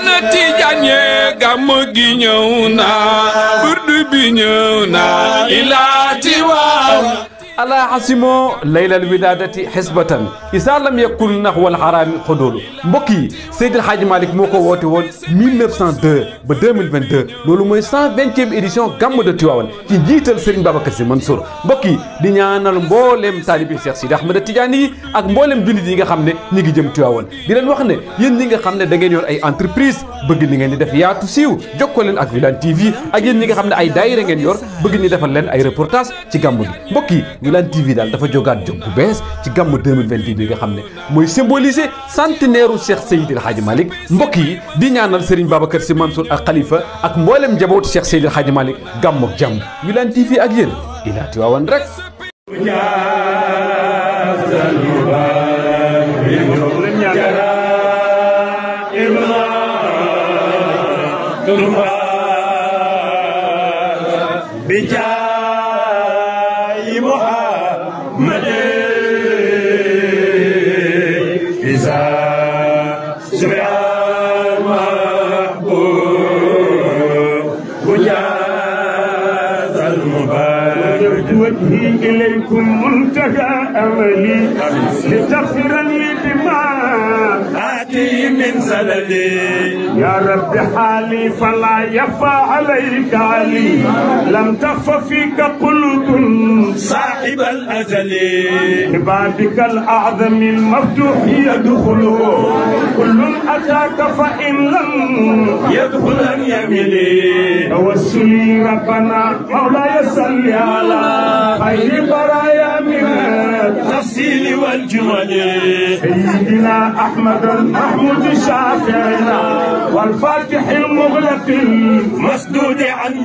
ana tijaan yee gàmm gi ñëw na burdu bi ñëw na ilaati wa ألا حسموا ليلة الولادة حسبة إذا لم يكن نحو الحرام حدود mbokk yi Seydi El Hadji Malick moo ko woote woon 1902 ba 2022 loolu mooy 120e édition gàmmu de Tivaouane ci njiital Serigne Babacar Sy Mansour mbokk yi di ñaanal mbooleem taalibi Cheikh Sidi Ahmed Tidiane yi ak mbooleem jullit yi nga xam ne ñi ngi jëm Tivaouane di leen wax ne yéen ñi nga xam ne da ngeen yor ay entreprise bëgg ni ngeen di def yaatu siiw jokkoo leen ak Wilane TV ak yéen ñi nga xam ne ay daayira ngeen yor bëgg ñu defal leen ay reportage ci gàmmu bi mbokk yi Wilane TV daal dafa jógaat jóg bu bees ci gàmm 2022 bi nga xam ne mooy symboliser centenaire u Cheikh Seydil Hadji Malick mbokk yi di ñaanal Serigne Babacar Sy Mansour ak Khalifa ak mboolem njabootu Cheikh Seydil Hadji Malick gàmm ak jàmm Wilane TV ak yéen ilaa Tiwaawan rek. bijaa زمان محبوب وجاد المبارك وجهي إليكم منتهى أملي يا رب حالي فلا يفا عليك علي لم تخف فيك قلوب صاحب الأزل عبادك الأعظم المفتوح يدخل كل أتاك فإن لم يدخل أن يمل توسلي ربنا مولاي صلي على خير بركة والجولي سيدنا أحمد المحمود شافعنا والفاتح المغلق المسدود عن